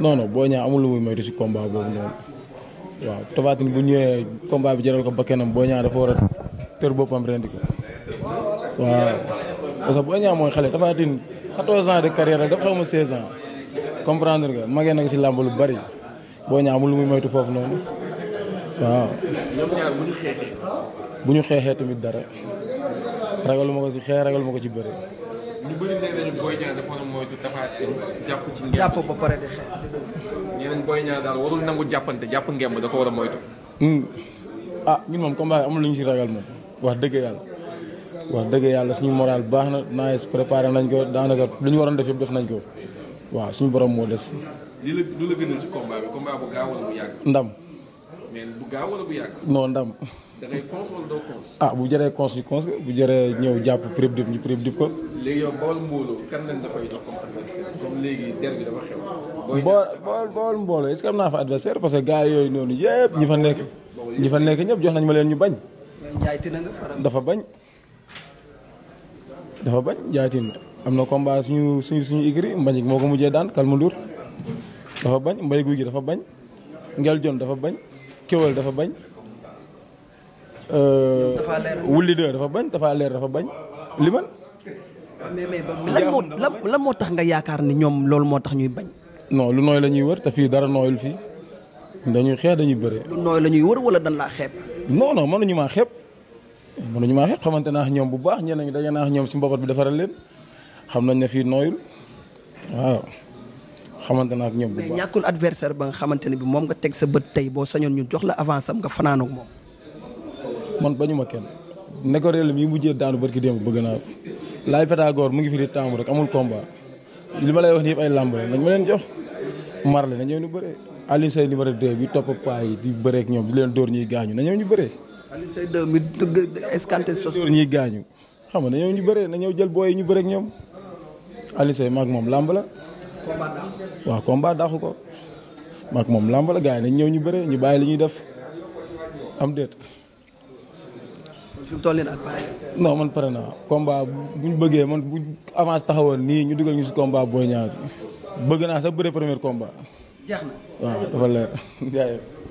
noonu boo Boy amul lu muy moytu si combat boobu noonu waaw Tapha bu ñëwee combat bi jaral ko bakkanam boo Niang dafa war a tër boppam rendi ko waaw parce que boo Niang mooy xale Tapha Tine 14 ans de carrière rek dafa ma 16 ans comprendre nga magee na ci si bari boo Niang amul lu muy moytu foofu noonu waaw. bu ñu xeexee. tamit dara ragaluma ko si xeex ragaluma ko ci bari ñu bëri ne nañu Boy Niang dafa war a moytu jàpp ci ngemb jàpp ba pare di xeex jàppante jàpp ngemb da war a moytu hmm. ah ñun moom combat am lu ñu si ragal moom wax dëgg yàlla wax dëgg yàlla suñu moral baax na naa yees nañ ko daanaka lu ñu waroon def yëpp def nañ ko waaw suñu borom moo des. li la lu la gënal ci combat bi combat bu gaaw wala bu yàgg. ndam. mais du gaaw wala bu ndam. ah bu jëree cons ñu cons bu jëree ñëw jàpp prib dip ñu prib dip ko. léegi yow bool mbooloo kan lañ léegi der bool bool bool am naa fa adversaire parce que gars yooyu noonu yëpp ñu fa nekk. ñi fa nekk ñëpp jox nañ ma leen ñu bañ. dafa bañ. dafa bañ jaatin am na combat suñu suñu suñu igri mbañik moo ko mujjee daan kalmandour dafa bañ mbay guy gi dafa bañ ngel jon dafa bañ kéwél dafa bañ. Euh, wulli de dafa bañ dafa leer dafa bañ limal. mais mais lan moo lan moo tax nga yaakaar ni ñoom loolu moo tax ñuy bañ. non lu nooy la ñuy wër te fii dara nooyul fii dañuy xeex dañuy bëre. lu nooy la ñuy wër wala dañ laa xeeb. non non mënuñu maa xeeb mënuñu maa xeeb xamante naa ñoom bu baax ñeneen ñi daje naax ñoom si mbopat bi defaral leen xam nañ na fii nooyul waaw. xamante na ak ñoom bu baax mais ñàkkul adversaire ba nga xamante ne bi moom nga teg sa bët tey boo sañoon ñu jox la avance am nga fanaan ak moom. man bañu ma kenn nekkoon réew mu yi mujjee daanu ki démb bëgg naa laay pétagore mu ngi fi di taamu rek amul combat li ma lay wax ni yëpp ay làmb la nañ ma leen jox marle na ñëw ñu bëree Alioune Seye numéro 2 bi topp paa yi di bëree ak ñoom di leen dóor ñuy gaañu na ñëw ñu bëree. Alioune Seye 2 mi dëgg escanté sos dóor ñuy gaañu xam nga na ñëw ñu bëree na ñëw jël booy ñu bëree ak ñoom Alioune moom làmb la waaw combat dàqu ko maak moom làmb la gars yi nañ ñëw ñu bëre ñu bàyyi li ñuy def am déet. non man pare naa combat buñ bëggee man bu avance taxawoon nii ñu dugal ñu si combat booy ñaar bëgg naa sax bëre premier combat. jeex dafa leer